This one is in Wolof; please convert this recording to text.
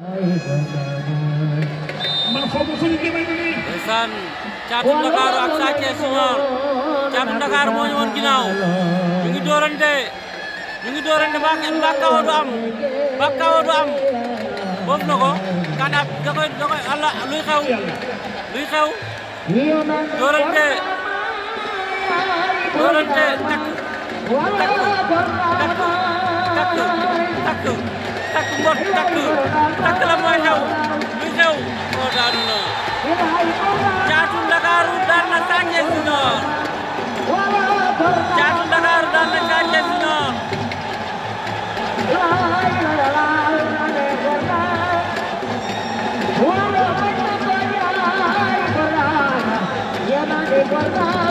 man xaw ma fu ñu demee caatu Ndakaaru ak Sa Thiès caatu Ndakaaru moo ñu woon ginnaaw ñu ngi doorante ñu ngi am ba kawo am boobu na ko kan ab da koy Allah luy xew luy xew doorante doorante takk ko takk takk la mooy xew lu xew moo daanu na caatu Ndakaaru daan na Sa Thiès Junior caatu Ndakaaru daan na Sa Thiès Junior Guarda